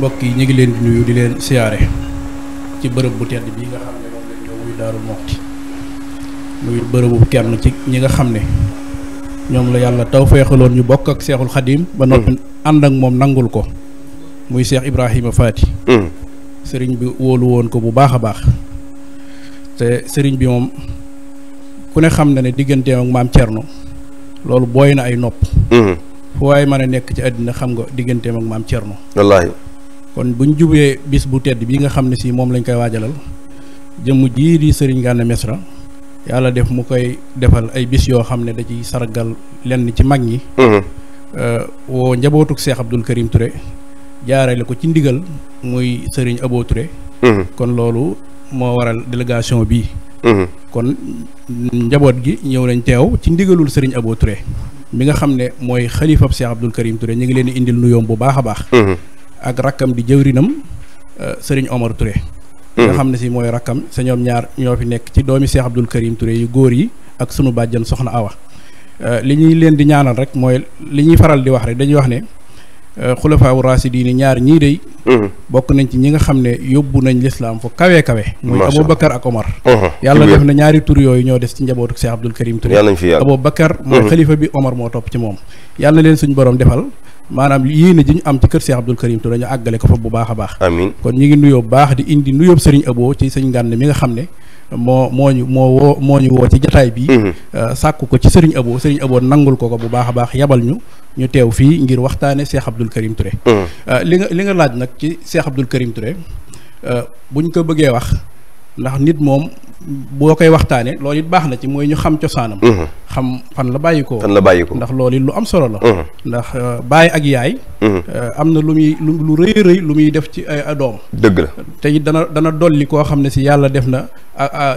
mbokk yi ñu ngi leen di nuyu di leen siyaare ci bërëb bu tedd bii nga xam ne kenn ci ñi nga xam ne ñoom la yàlla taw ñu bokk ak seexul xadiim ba noppi ànd ak moom nangul ko muy seex Ibrahima Faati mm. sëriñ bi wóolu woon ko bu baax a baax te sëriñ bi moom ku ne xam na ne digganteem ak maam Thierno loolu booy na ay nopp mm. fu waaye mën a nekk ci àddina xam nga digganteem ak maam Thierno kon bu ñu jubee bis bu tedd bii nga xam ne si moom lañ koy waajalal jëmm jii di sëriñ Gana Mesra yàlla def mu koy defal ay bis yoo xam ne da ciy sargal lenn ci mag ñi. Mhm. Euh, woo njabootuk Seex Abdul Karim Touré jaarale ko ci ndigal muy sëriñ Abo Touré. Mhm. kon loolu moo waral délégation bi. Mhm. kon njaboot gi ñëw nañ teew ci ndigalul Serigne Abo Touré mi nga xam ne mooy xalifab Seex Abdul Karim Touré ñu ngi leen di indil nuyoom bu baax a baax. ak rakkam di jëwrinam euh, sëriñ Omar Touré. nga hmm. xam ne si mooy rakkam sa ñoom ñaar ñoo fi nekk ci doomi Cheikh Abdoul Karim Touré yu góor yi ak sunu bàjjan soxna Awa euh, li ñuy leen di ñaanal rek mooy li ñuy faral di wax rek dañuy wax ne euh, xulafaawu raasidiin ñaar ñii day hmm. bokk nañ ci ñi nga xam ne yóbbu nañ lislaam fu kawee kawe mooy Aboubacar ak Omar hmm. yàlla def na ñaari tur yooyu ñoo des ci njabootu Cheikh Abdoul Karim Touré Aboubacar mooy xalifa bi Omar moo topp ci moom yàlla leen suñ borom defal maanaam yéene ji ñu am ci kër Cheikh Abdoul Karim Touré ñu àggale ko fa bu baax a baax amiin kon ñu ngi nuyoo baax di indi nuyoo sëriñ Abo ci sëñ mi nga xam ne moo moo ñu moo moo ñu ci jataay bi mm-hmm. euh, sàkku ko ci sëriñ Abo sëriñ Abo nangul ko ko bu baax a baax yebal ñu ñu teew fii ngir waxtaane Cheikh Abdoul Karim Touré mm-hmm. euh, li nga li nga laaj nag ci Cheikh Abdoul Karim Touré euh, buñ ko bëggee wax ndax nit moom boo koy waxtaanee loolu it baax na ci mooy ñu xam cosaanam. Mhm. xam fan la bàyyi ko. la bàyyi ndax loolu it lu am solo la. Mhm. ndax euh, baay ak yaay. Mhm. Euh, am na lu muy lu rëy rëy lu muy def ci ay doom. dëgg la te it dana dana dolli koo xam ne si yàlla def na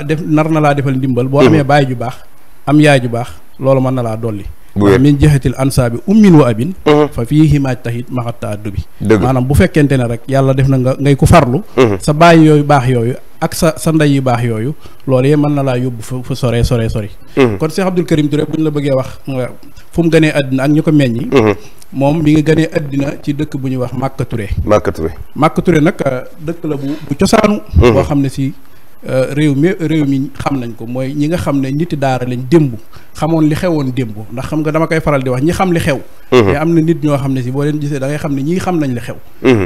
def nar na laa defal ndimbal. boo amee baay ju baax am yaay ju baax loolu mën na laa dolli. min jeexitil ansaabi ummin wa abin fa fii himaaj taxit maxatta addu bi maanaam bu fekkente ne rek yàlla def na nga ngay ku farlu ak sa sa ndey yu baax yooyu loolu yee mën na laa yóbbu fu fu sore sore sori mm-hmm. kon Cheikh Abdoul Karim Touré bu ñu la bëggee wax fu mu gënee àddina ak ñu ko meññ mm-hmm. moom mi ngi gënee àddina ci dëkk bu ñuy wax Màkka Touré Màkka Touré Màkka Touré nag euh, dëkk la bu bu cosaanu mm-hmm. xam ne si euh, réew mi réew mi xam nañ ko mooy ñi nga xam ne niti daara lañ démb xamoon li xewoon démb ndax xam nga dama koy faral di wax ñi xam li xew mais am na nit ñoo xam ne si boo leen gisee da xam ne ñii xam nañ li xew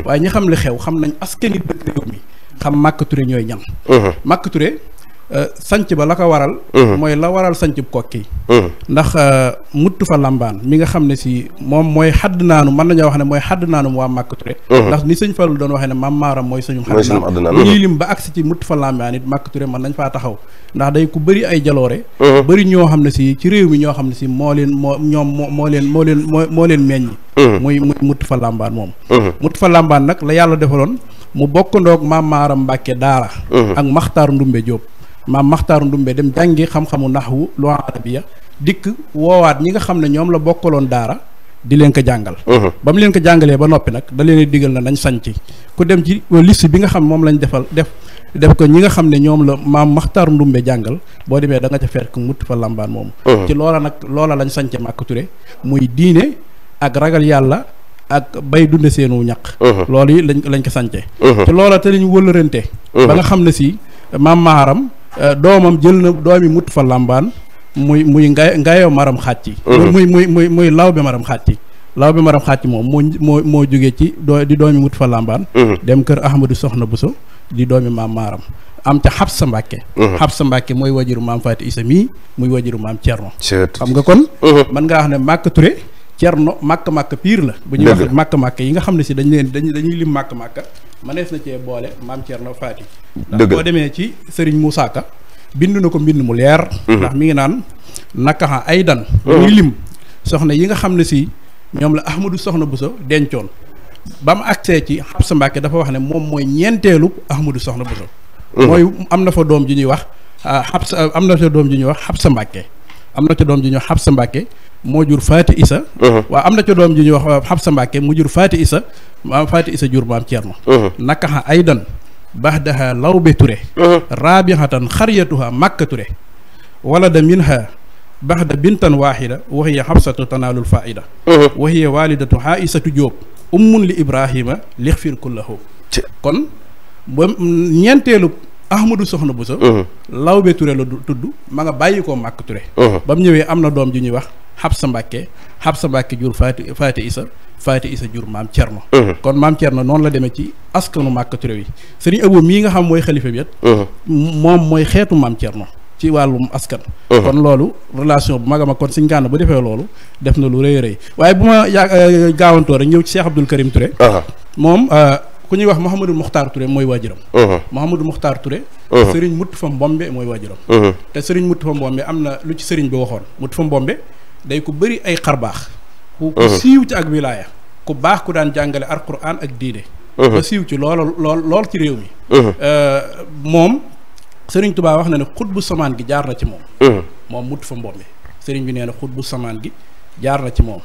waaye ñi xam li xew xam nañ askani dëkk réew mi xam Màkka Touré ñooy ñan. Màkka mhm. Touré euh, sanc ba la ko waral. Mhm. mooy la waral sanc kokki mhm. ndax euh, muttu fa lambaan mi nga xam ne si moom mooy xadd naanu mën nañoo wax ne mooy xadd naanum waa Màkka Touré. ndax ni sëñ Fallu doon waxee ne maam maaram mooy suñu. mooy suñu xadd naanu ñuy lim ba agsi ci muttu fa lambaan it Màkka ture man nañ faa taxaw ndax day ku bari ay jaloore. bëri ñoo xam ne si ci réew mi ñoo xam ne si moo leen moo ñoom moo leen moo leen moo moo leen meññ. mooy muy muttu fa lambaan moom. nag la yàlla defaloon mu bokkandoog maam Maaram Mbàkke daara mhm. ak Maxtaar Ndumbe Jóob maam Maxtaar Ndumbe dem jàngi xam-xamu naxwu lu arabiya dikk woowaat ñi nga xam ne ñoom la bokkaloon daara di leen ko jàngal mhm. ba mu leen ko jàngalee ba noppi nag da leen digal na nañ sanc ku dem ci liste bi nga xam moom lañ defal def def ko ñi nga xam ne ñoom la maam maxtaar ndumbe jàngal boo demee da nga ca fekk mutt fa làmbaan moomu mhm. ci loola nag loola lañ sanc màkk Touré muy diine ak ragal yàlla ak bay dunde seenu ñaq mhm. loolu yi lañ lañ ko sance mhm. te loola te lañu wëlërante mhm. ba nga xam na si maam maharam euh, doomam jël na doomi mutt fa làmbaan muy muy ngay ngayo maram xàcc muy muy muy muy law bi maram xàcc law bi maram xàcc moom moo moo moo jógee ci doo di doomi mutt fa làmbaan dem kër ahmadu soxna buso di doomi maam maaram am ca xab sa mbàkke xab sa mbàkke mooy wajuru maam faati isa mii muy wajuru maam cerno xam nga kon mën ngaa wax ne màkk ture cerno màkk-màkk piir la bu ñuy wax màkk-màkk yi nga xam ne si dañ leen dañ dañuy lim màkk-màkk mënees na cee boole maam cerno faati ndax boo demee ci sëriñ Moussa Ka bind na ko mbind mu leer mhm. ndax mi ngi naan nakaxa ay dan dañuy mhm. lim soxna yi nga xam ne si ñoom la ahmadu soxna buso dencoon ba mu agsee ci Xabsa Mbàkke dafa wax ne moom mooy ñeenteelu ahmadu soxna buso mhm. mooy am na fa doom ji ñuy wax ah, sa am na fa doom ji ñuy wax xab sa Mbàkke am na ca doom ji ñu Xabsa Mbàkke moo jur Faati Isa uh-huh. waaw am na ca doom ji ñu uh, mu jur Faati Isa maam Faati Isa jur maam Ceerno uh-huh. nakaxa aydan baxdaha lawbe ture uh-huh. raabihatan xaryatuha makka ture wala da minha baxda bintan waaxida waxiya xabsatu tanaalul faida waxiya waalidatu xaaisatu jóob ummun li ibrahima lixfir kullahu kon ñeenteelu Ahmadou Soxna Bousso uh-huh. Lawbe Touré la tudd ma nga bàyyi koo màkk Touré uh-huh. ba mu ñëwee am na doom ju ñuy wax Xabsa Mbàkke sa Mbàkke jur Faati Faati Isa Faati Isa jur maam Cerno uh-huh. kon maam Cerno noonu la demee ci askanu màkk Touré yi sëriñ Abo mii nga xam mooy xalifa bi moom mooy xeetu maam Cerno ci wàllum askan kon loolu relation bu mag a kon suñ gànn bu defee loolu def na lu rëy rëy waaye bu ma yaa euh, gaawantoo rek ñëw ci seex Abdoul Karim Touré moom euh, ku ñuy wax Mouhamadou Mokhtar Touré mooy waajuram uh-huh. Mouhamadou Mokhtar Touré uh-huh. sëriñ Moutoufa Mbombe mooy waajuram uh-huh. te sëriñ Moutoufa Mbombe am na lu ci sëriñ bi waxoon Moutoufa Mbombe day ko bëri ay xar baax ku siiw ci ak wilaaya ku baax ku daan jàngale alquran ak diine ba siiw ci lool lool lool ci réew mi euh, moom sëriñ Touba wax na ne xut bu samaan gi jaar na ci moom moom Moutoufa Mbombe sëriñ bi nee na xut bu samaan gi jaar na ci moom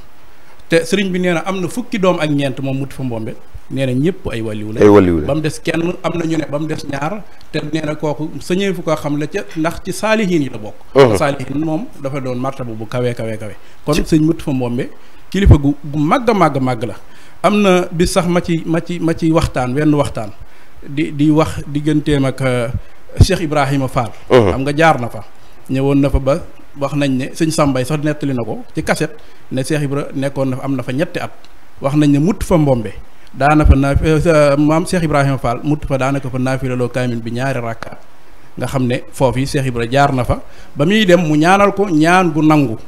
te sëriñ bi nee na am na fukki doom ak ñeent moom muti fa mbombe nee na ñëpp ay waliw la ay ba mu des kenn am na ñu ne ba mu des ñaar te nee na kooku sëñee fu ko xam la ca ndax ci saalihiin yi la bokk uh-huh. saalihiin moom dafa doon martaba bu kawe kawe kawe kon sëñ muti fa mbombe kilifa gu gu màgg a màgg màgg la am na bi sax ma ci ma ci ma ci waxtaan wenn waxtaan di di wax digganteem ak uh, Cheikh Ibrahima Fall uh-huh. xam nga jaar na fa ñëwoon na fa ba wax nañ ne sëñ sàmbay sax nettali na ko ci kaset ne Cheikh Ibra nekkoon na am na fa ñetti at wax nañ ne mutt fa mbombe daana fa naaf euh, maam Cheikh Ibrahima Fall mutt fa daanaka fa naafilaloo kaamin bi ñaari rakkaat nga xam ne foofu yi Cheikh Ibra jaar na fa ba muy dem mu ñaanal ko ñaan gu nangu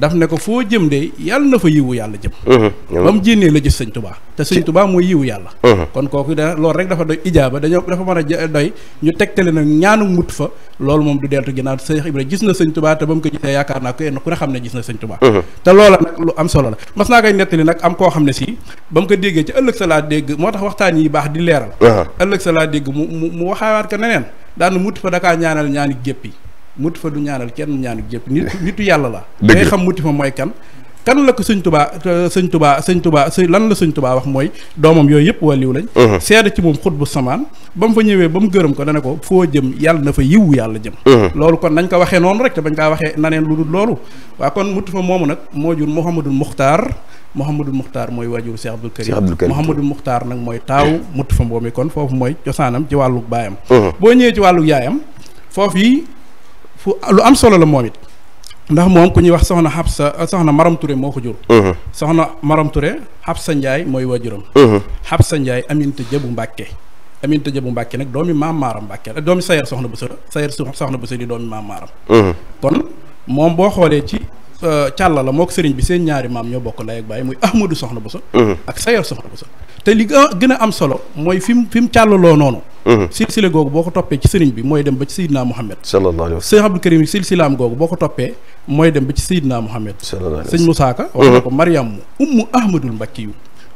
daf ne ko foo jëm de yàlla na fa yiwu yàlla jëm mhm. ba mu jénnee la gis sañ tubaa te sëñ tubaa mooy yiwu yàlla mhm. kon kooku da loolu rek dafa doy ijaaba dañoo dafa mën a doy ñu tegtale nag ñaanu mut fa loolu moom du deltu ginnaaw Seex Ibra gis na sëñ tubaa te ba mu ko gisee yaakaar naa ko en ku ne xam ne gis na sëñ tubaa mhm. te loola nag lu am solo la mas naa koy nettali nag am koo xam ne si ba mu ko déggee ci ëllëg sa laa dégg moo tax waxtaan yi baax di leeral ëllëg sa laa dégg mu mu waxaawaat ko neneen daana mut fa dakaa ñaanal ñaani gépp yi muti fa du ñaanal kenn ñaanu jëpp nit nitu yàlla la day xam muti fa mooy kan kan la ko sëñ tubaa sëñ tubaa sëñ tubaa lan la sëñ tubaa wax mooy doomam yooyu yëpp wàlliw lañ uh-huh. seede ci moom xut bu samaan ba mu fa ñëwee ba mu gërëm ko dana ko foo jëm yàlla na fa yiw yàlla jëm uh-huh. loolu kon nañ ko waxee noonu rek te bañ kaa waxee naneen lu dul loolu waa kon muti fa moomu nag moo jur Mouhamadul Muxtaar Mouhamadul Muxtaar mooy waajur Cheikh Abdoul Karim Mouhamadul Muxtaar nag mooy taaw muti fa mboomi kon foofu mooy cosaanam ci wàllu baayam uh-huh. boo ci wàllu yaayam fu lu am solo la moom it ndax moom ku ñuy wax soxna sa soxna Maram ture moo ko jur mhm. soxna Maram Touré Habsa Ndiaye mooy waajuram mhm. Habsa Ndiaye Aminta Jëbu Mbàkke Aminta Jëbu Mbàkke nag doomi maam Maaram Mbàkke doomi sayer soxna bu sa sayer soxna bu sa di doomi maam Maaram mhm. kon moom boo xoolee ci euh, càlla la moo ko sëriñ bi seen ñaari maam ñoo bokk ndey ak baay muy Ahmadou soxna bu sa ak sayer soxna bu te li gën a am solo mooy fi mu fi mu càllaloo noonu Mhm. silsila googu boo ko toppee ci sëriñ bi mooy dem ba ci sayidna Muhammad sallallahu alayhi wa sallam sëñ Abdou Karim silsilaam googu boo ko toppee mooy dem ba ci sayidna Muhammad sëñ mu Ka wax na mhm. ko Mariam ummu ahmadul mbakkiyu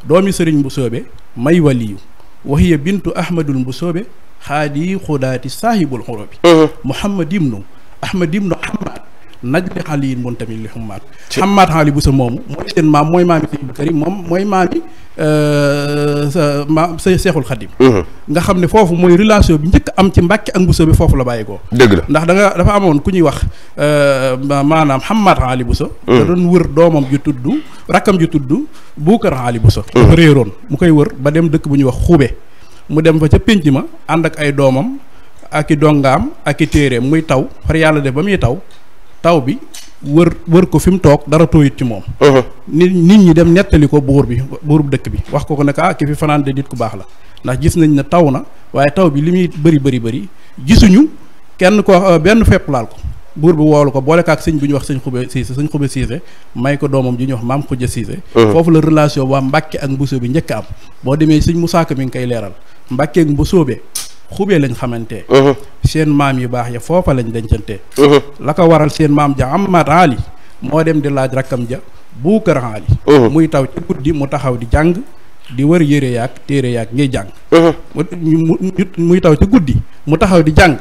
doomi sëriñ bu soobe may waliyu wahiya bintu ahmadul bu soobe xaadi xudaati saahibul xurubi mhm. muhammad ibnu ahmad ibnu ahmad nag li xaal yi mun tamit li xammaat xammaat xaali bu sa moomu mooy seen maam mooy maami Sëñ Abdou Karim moom mooy maami euh, sa maam sa Seexul Xadim mhm. nga xam ne foofu mooy relation bi njëkk am ci Mbàkke ak Buso bi foofu la bàyyi ko dëgg la ndax da nga dafa amoon ku ñuy wax euh, maanaam xammaat xaali bu sa mhm. da doon wër doomam ju tudd rakkam ju tudd Buukar xaali bu sa dafa mhm. réeroon mu koy wër ba dem dëkk bu ñuy wax Xuube mu dem fa ca pénc ma ànd ak ay doomam ak i dongaam ak i téereem muy taw far yàlla def ba muy taw taw bi wër wër ko fi mu toog dara tooyut ci moom uh-huh. nit nit ñi dem nettali ko buur bi buur bu dëkk bi wax ko ko ne ah ki fi fanaan de nit ku baax la ndax gis nañ ne taw na waaye taw bi li muy bëri bëri bëri gisuñu kenn ko euh, benn fepp laal ko buur bi woolu ko boole kaak sëñ bu ñu wax sëñ xube siise sëñ xube siise may ko doomam ji ñu wax maam xujja siise foofu la relation waa Mbàkke ak Mbusoobe bi njëkk am boo demee sëñ Musaa Ka mi ngi koy leeral Mbàkke ak xubee lañ xamante seen maam yu baax ya foofa lañ dencante la ko waral seen maam ja maat Ali moo dem di laaj rakkam ja Buukar Ali muy taw ci guddi mu taxaw di jàng di wër yëre yére ak téere yaag ngay jàng muy taw ci guddi mu taxaw di jàng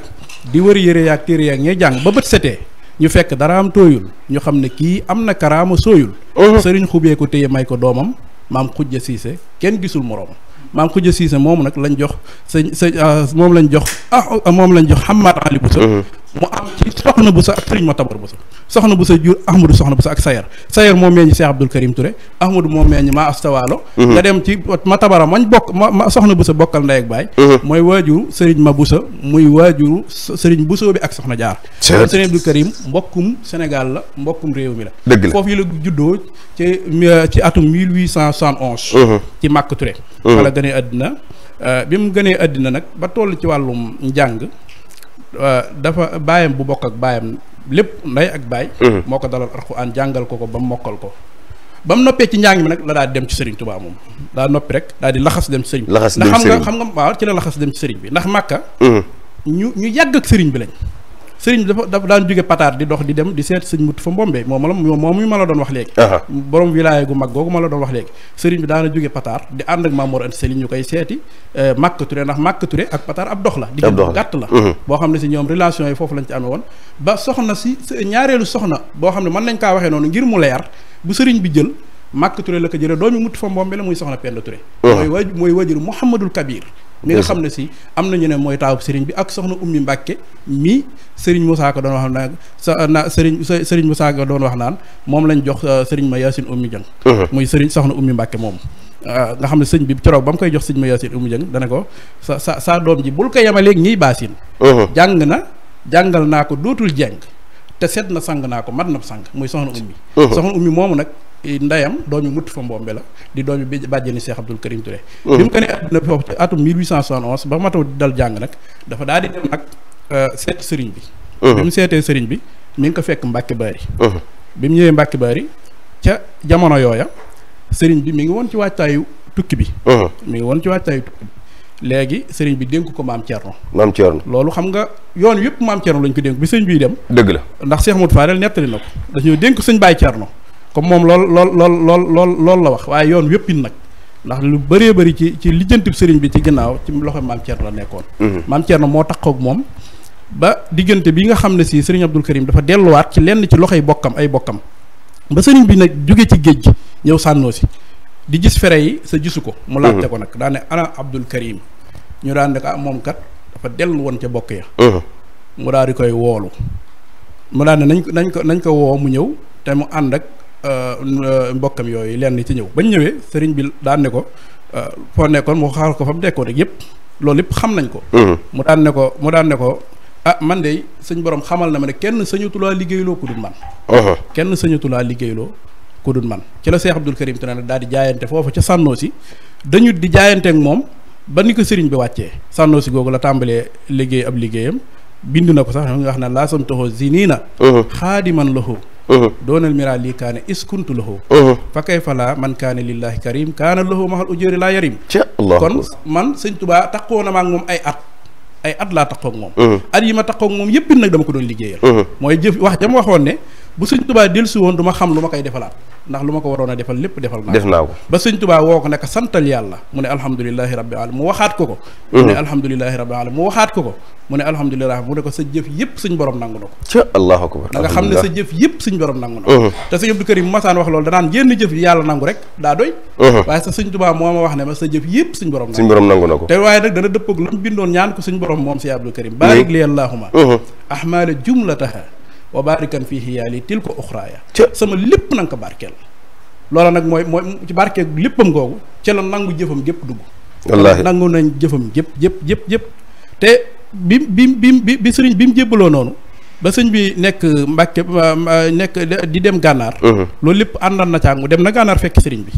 di wër yére yaag téere yaag ngay jàng ba bët setee ñu fekk dara am tooyul ñu xam ne kii am na karaama sooyul sëriñ xubee ko téye may ko doomam maam xujja siise kenn gisul moroom maam Khoudia Cissé moom nag lañ jox sëñ sañ ah, moom lañ jox ah moom lañ jox Hamad Ali Bousso mm-hmm. mu am ci soxna bu sa ak sëriñ ma tabar bu soxna bu sa jur ahmadou soxna bu sa ak sayar sayar moo meññ Cheikh Abdoul Karim Touré ahmadou moo meññ maa astawaalo mhm. nga dem ci ma tabara mañ bokk ma soxna bu sa bokkal ndey ak baay mhm. mooy waajuru sëriñ ma bu sa muy waajuru sëriñ bu soo bi ak soxna jaar sëriñ Abdoul Karim mbokkum Sénégal la mbokkum réew mi la dëgg la foofu la juddoo ci ci atum 1871 mhm. ci Màkk Touré wala gënee àddina euh, bi mu gënee àddina nag ba toll ci wàllum njàng Euh, dafa baayam bu bokk ak baayam lépp ndey ak baay. Mhm. moo ko dalal alxuraan jàngal ko ko ba mu mokkal ko. ba mu noppee ci njàng mi nag la daa dem ci Serigne Touba moom daa noppi rek daa di laxas dem ci Serigne. laxas dem Serigne xam nga xam ci la laxas dem ci Serigne bi ndax makka mhm. ñu ñu yàgg ak sëriñ bi lañ. sëriñ bi dafa daan jóge pataar di dox di dem di seet sëñ mut fa mbombe moom la moom ma la doon wax léegi borom wilaya gu mag googu ma la doon wax léegi sëriñ bi daana jóge pataar di ànd ak Mamour Anta Sali ñu koy seeti eh, Màkka Touré ndax Màkka Touré ak pataar ab dox la di gàtt la boo xam ne si ñoom relation yi foofu lañ ci amee woon ba soxna si ñaareelu soxna boo xam ne man nañ kaa waxee noonu ngir mu leer bu sëriñ bi jël màkk ture la ko jëlee doomi mut fa mbombe la muy soxna Penda Touré mooy waj mooy wajur Mouhamadul Kabir mi nga xam ne si am na ñu ne mooy taawub sëriñ bi ak soxna ummi mbàkke mi sëriñ Moussa ko doon wax naan sa na sëriñ sëriñ Moussa ko doon wax naan moom lañ jox euh, sëriñ ma yaasin ummi jëng uh-huh. muy sëriñ soxna ummi mbàkke moom euh, nga xam ne sëñ bi coroog ba mu koy jox sëñ ma yaasin ummi jëng dana ko sa sa sa doom ji bul ko yemaleeg ñiy baasin uh-huh. jàng na jàngal naa ko dootul jeng te set na sang naa ko mat na sang muy soxna ummi uh-huh. soxna ummi moomu nag ndeyam doomi mutt fa mbombe la di doomi bi bàjjeni Cheikh Abdoul Karim Touré mhm. bi mu gënee àdduna foofu ci atum 1871 ba mataw di dal jàng nag dafa daal di dem nag euh, seet sëriñ bi mhm. bi sëriñ bi mi ngi ko fekk Mbàkke Baari mhm. bi mu ñëwee Mbàkke ca jamono yooya sëriñ bi mi ngi woon ci waajtaayu tukki bi mi ngi woon ci waajtaayu tukki bi léegi bi dénk ko maam Thierno. maam Thierno loolu xam nga yoon yëpp maam lañ ko dénk bi sëriñ biy dem. dëgg la ndax Cheikh Modou Fadel nettali na ko dañoo dénk sëñ Baye Thierno. comme moom lool lool lool loolu la wax waaye yoon wéppin nag ndax lu baree bari ci ci lijjantib sëriñ bi ci ginnaaw ci loxo maam Thierno la nekkoon. Mhm. maam Thierno moo tax ak moom. ba diggante bi nga xam ne si sëriñ Abdul Karim dafa delluwaat ci lenn ci loxoy bokkam ay bokkam ba sëriñ bi nag jóge ci géej gi ñëw sànnoo si di gis fere yi sa gisu ko. mu laajte mhm. ko nag daane ana Abdul Karim ñu daan ne ko ah, moom kat dafa dellu woon ca bokk ya. Mhm. mu daal di koy woolu mu daan nañ ko ko nañ ko woo mu ñëw te mu ànd ak. Euh, euh, mbokkam yooyu lenn ci ñëw bañ ñëwee sëriñ bi daan ne ko euh, foo nekkoon mu xaar ko fa mu dekkoon rek yëpp loolu yépp xam nañ ko. Mm-hmm. mu daan ne ko mu daan ne ko ah man de sëñ borom xamal na ma ne kenn sañutulaa liggéeyloo ku dul man. Uh-huh. kenn sañutulaa liggéeyloo ku man ci la Seex Abdul Karim Touré daal di jaayante foofu ca sànnoo si dañu di jaayanteek moom ba ni ko sëriñ bi wàccee sànnoo si googu la tàmbalee liggéey ab liggéeyam bind na ko sax nga xam ne laa sam toxoo si nii na. Uh-huh. xaadiman lahu Uh-huh. doonal mira lii kaane iskuntu lahu uh-huh. fa kay fala man kaane lillahi karim kaana lahu mahal ujuri laa yarim kon man sëñ tubaa taqoo na maak moom ay at ay at laa taqoog moom uh-huh. at yi ma taqoog moom yëpp nag dama ko doon liggéeyal mooy jëf wax jam waxoon ne bu suñ tubaa dellusi woon du ma xam lu ma koy defalaat ndax lu ma ko waroon a defal lépp defal naa def naa ko ba sëñ tubaa woo ko nekk santal yàlla mu ne alhamdulilahi mm-hmm. rabbil alamin mu waxaat ko ko mu ne alhamdulilahi rabbil alamin mu waxaat ko ko mu ne alhamdulilah mu ne ko sa jëf yëpp suñ borom na ko ca xam ne sa jëf yëpp suñ borom nangu na ko mm-hmm. te sëñ Abdou Karim masaan wax loolu danaan yenn jëf yi yàlla nangu rek daa doy mm-hmm. waaye moo ma wax ne ma sa jëf yëpp suñ borom suñ borom nangu na ko te waaye nag dana dëpp ak lu mu bindoon ñaan ko suñ borom moom si Abdou Karim barik li allahuma ahmala jumlataha wa baarikan fii xiyaali tilka uxraaya sama lépp na nga ko barkeel loola nag mooy mooy ci barkeel léppam googu ca la nangu jëfam gépp dugg wallaahi nañ jëfam jëpp jëpp jëpp jëpp te bi bi bi sëriñ bi mu jébbaloo noonu ba sëñ bi nekk Mbàkke nekk di dem gànnaar loolu lépp àndal na mu dem na gànnaar fekk sëriñ bi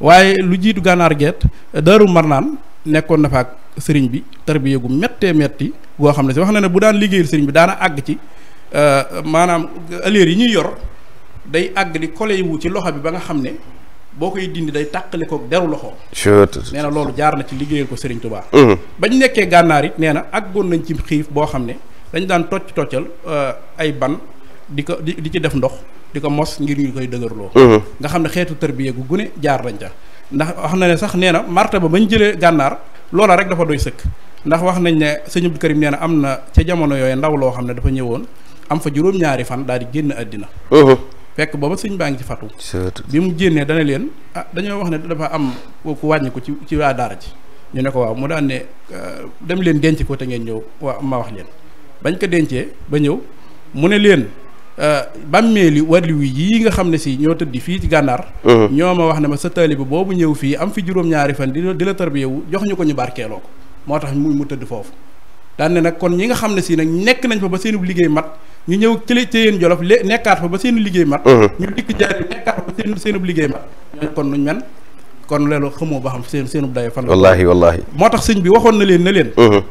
waaye lu jiitu gànnaar geet daaru marnaan nekkoon na fa sëriñ bi tarbiya gu mettee metti goo xam ne si wax na ne bu daan liggéeyal sëriñ bi daana àgg ci Euh, maanaam ëllëg yi ñuy yor day àgg di collé wu ci loxo bi ba nga xam ne boo koy dindi day tàqale ko deru loxo. nee na loolu jaar na ci liggéeyal ko Serigne ba mm-hmm. ñu nekkee gànnaar yi nee na àggoon nañ ci xiif boo xam ne dañ daan tocc toccal euh, ay ban di ko di di ci def ndox di ko mos ngir ñu koy dëgërloo. Mm-hmm. nga xam ne xeetu tërbiye gu gune jaar nañ ca. ndax wax na ne sax nee na marta ba bañ jëlee gànnaar loola rek dafa doy sëkk ndax wax nañ ne sëñ Abdou Karim nee na am na ca jamono yooyu ndaw loo xam ne dafa ñëwoon. am fa juróom-ñaari fan daal di génn àddina fekk booba sëñ baa ngi ci fatu bi mu génnee dana leen ah dañoo wax ne dafa am ku wàññi ko ci ci waa daara ji ñu ne ko waaw mu daan ne euh, dem leen denc ko te ngeen ñëw waa ma wax leen bañ ko dencee ba ñëw mu ne leen euh, bàmmeeli wàllu yi nga xam ne si ñoo tëdd fii ci gànnaar ñoo ma wax ne ma sa taalibe boobu ñëw fii am fi juróom-ñaari fan di di la wu jox ñu ko ñu barkeeloo ko moo tax mu mu tëdd foofu daan ñu ñëw cële cëyeen jolof lé nekkaat fa ba seen liggéey mat uh-huh. ñu dikk jaar yi nekkaat fa ba seen seenub liggéey mat ñooñu kon nuñ men kon loolu xamoo ba xam seen seenub dayo fan wallaahi wallaahi moo tax sëñ bi waxoon na leen ne leen uh-huh.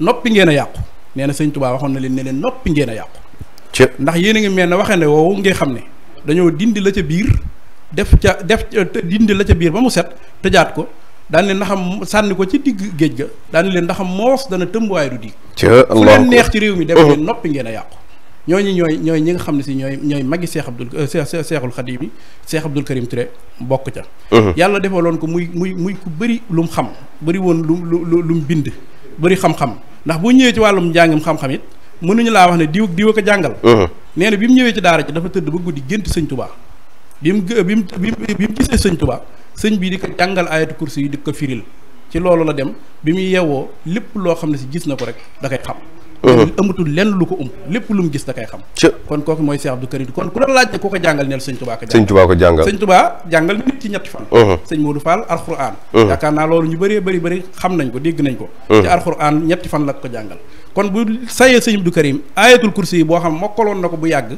noppi ngeen a yàqu nee na sëñ Tuubaa waxoon na leen ne leen noppi ngeen a yàqu ndax yéen a ngi mel ne waxee ne woowu ngeen xam ne dañoo dindi la ca biir def ca def dindi la ca biir ba mu set tëjaat ko daan leen ndaxam sànni ko ci digg géej ga daan leen ndaxam moos dana tëmb waaye du diig fu leen neex ci réew mi def uh-huh. leen noppi ngeen a yàqu ñooñu ñooy ñooy ñi nga xam ne si ñooy ñooy magi Seex Abdul Seexul Xadiim yi Seex Abdul Karim Touré bokk ca yàlla defaloon ko muy muy muy ku bëri lu mu xam bëri woon lu lu lu mu bind bari xam-xam ndax boo ñëwee ci wàllum njàngam xam-xam it mënuñu laa wax ne diw diw ko jàngal nee bi mu ñëwee ci daara ci dafa tëdd ba guddi gént sëñ tubaa bi mu bi mu bi mu gisee sëñ tubaa sëñ bii di ko jàngal ayatu kursi yi di ko firil ci loolu la dem bi muy yeewoo lépp loo xam ne si gis na ko rek da koy xam amatul lenn lu ko um lépp lu mu gis da koy xam kon kooku mooy Cheikh du Karim kon ku la laaj ne koo ko jàngal neel sëñ Tubaa ko ko jàngal sëñ Tubaa jàngal nit ci ñetti fan sëñ Modou Fall alxuraan yaakaar naa loolu ñu bëree bëri bëri xam nañ ko dégg nañ ko ci alxuraan ñetti fan la ko jàngal kon bu sayee sëñ Abdou Karim ayatul kursi yi boo xam mokkaloon na ko bu yàgg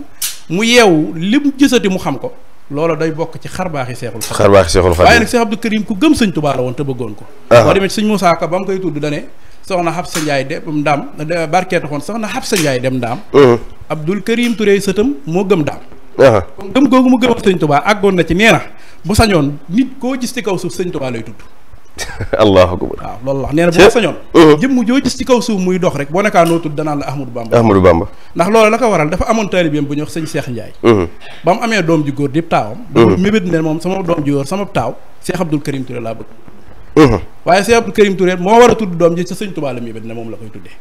mu yeewu lim gisati mu xam ko loola day bokk ci xarbaaxi seexul xarbaaxi seexul waaye nag Cheikh Abdou Karim ku gëm sëñ Tubaa la woon te bëggoon ko boo demee sëñ Moussa Ka ba mu koy tudd dane soxna Xabsa Ndiaye dem ndaam barkee taxoon soxna Xabsa Ndiaye dem ndaam Abdul Karim Touré sëtam moo gëm ndaam uh-huh. kon gëm googu mu gëmal sëñ Tuubaa àggoon na ci nee bu sañoon nit koo gis ci kaw suuf sëñ Tuubaa lay tudd allahu akbar waaw loolu wax nee na bu uh-huh. jëm mu joo gis ci kaw suuf muy dox rek boo nekkaa noo tudd danaan la Ahmadou Bamba Ahmadou Bamba ndax loolu la ko waral dafa amoon taalibeem bu ñuy wax sëñ Cheikh Ndiaye uh-huh. ba mu amee doom ju góor di taawam dafa mébét moom sama doom ju sama taaw Cheikh Abdul Karim Touré laa bëgg Mhm. waaye Cheikh Abdou Karim Touré moo war a tudd doom ji sa sëñ Tuubaa la muy bet moom la koy tuddee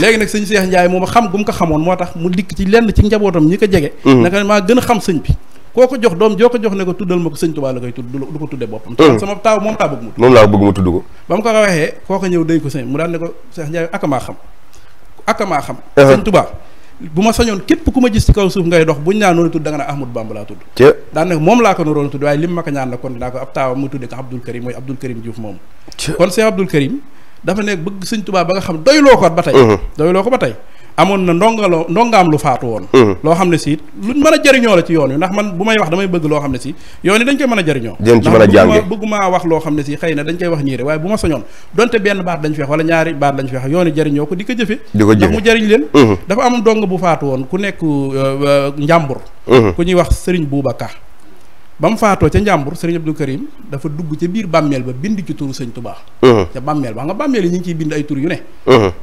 léegi nag sëñ Cheikh Ndiaye moom xam mu ko xamoon moo tax mu dikk ci lenn ci njabootam ñi ko jege mhm. naka maa gën a xam sëñ bi koo ko jox doom joo ko jox ne ko tuddal ma ko sëñ Tuubaa la koy tudd du ko tudde boppam te mhm. sama taaw moom laa bëgg mu tudd ko ba mu ko waxee koo ko ñëw day ko sëñ mu daal ne ko Cheikh Ndiaye ak maa xam ak xam sëñ Tuubaa bu ma sañoon képp ku ma gis ci kaw suuf ngay dox buñ naa noonu tudd da nga ne Ahmadou Bamba laa tudd daan ne moom laa ko naroon tudd waaye lim ma ko ñaan la kon dinaa ko ab taawam mu tudde ko Abdoul Karim mooy Abdoul Karim Diouf moom kon Cheikh Abdoul Karim dafa nekk bëgg sëñ Tuubaa ba nga xam doyloo ko ba tey doyloo ko ba tey amoon na ndongaloo ndongaam lu faatu woon mm-hmm. loo xam ne si luñ mën a jëriñoo la ci yoon wi ndax man bu may wax damay bëgg loo xam ne si yoon yi dañ koy mën a jëriñoo ndax bëggumaa wax loo xam ne si xëy na dañ koy wax ñiire waaye bu ma soñoon donte benn baat lañ feex wala ñaari baat lañ feex yoon yi jëriñoo ko di ko jëfe ndax mu jëriñ leen mm-hmm. dafa am ndong bu faatu woon ku nekk euh, njàmbur mm-hmm. ku ñuy wax sëriñ Buubaka ba mu faatoo ca njàmbur sëriñ Abdou Karim dafa dugg ca biir bàmmeel ba bind ci turu sëñ tubaa ca bàmmeel ba nga bàmmeel yi ñu ngi ciy bind ay yu ne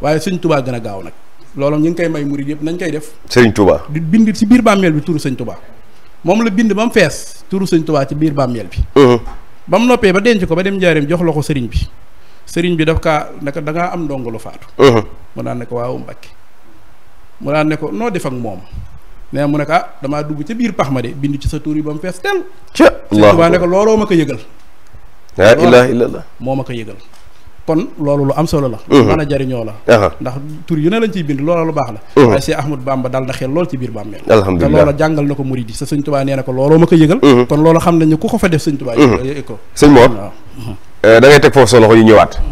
waaye sëñ tubaa gën a gaaw nag looloo ñu ngi koy may murid yëpp nañ koy def. Serigne Touba di bind ci biir bàmmeel bi turu Serigne Touba moom la bind ba mu fees turu Serigne ci biir bàmmeel bi. ba mu noppee ba denc ko ba dem njaareem jox la ko Serigne bi Serigne bi daf kaa naka dangaa am ndongo lu faatu. mu naan ne ko waaw Mbacke mu naan ne ko noo def ak moom. nee mu ne ah damaa dugg ci biir pax ma de bind ci sa tuur yi ba mu fees teel. ca Serigne Touba ne looloo ma ko yëgal. laa ilaaha illallah moo yëgal. kon loolu lu am solo la mën a jariñoo la ndax tur yu ne lañ ciy bind loola lu baax la waaye Cheikh Ahmadou Bamba dal na xel lool ci biir bàmmeel te loola jàngal na ko murid yi sa sëñ Tuubaa nee na ko looloo ma ko yëgal kon loolu xam nañ ne ku ko fa def sëñ Tuubaa yëg ko sëñ eh, teg foofu sa loxo ñu ñëwaat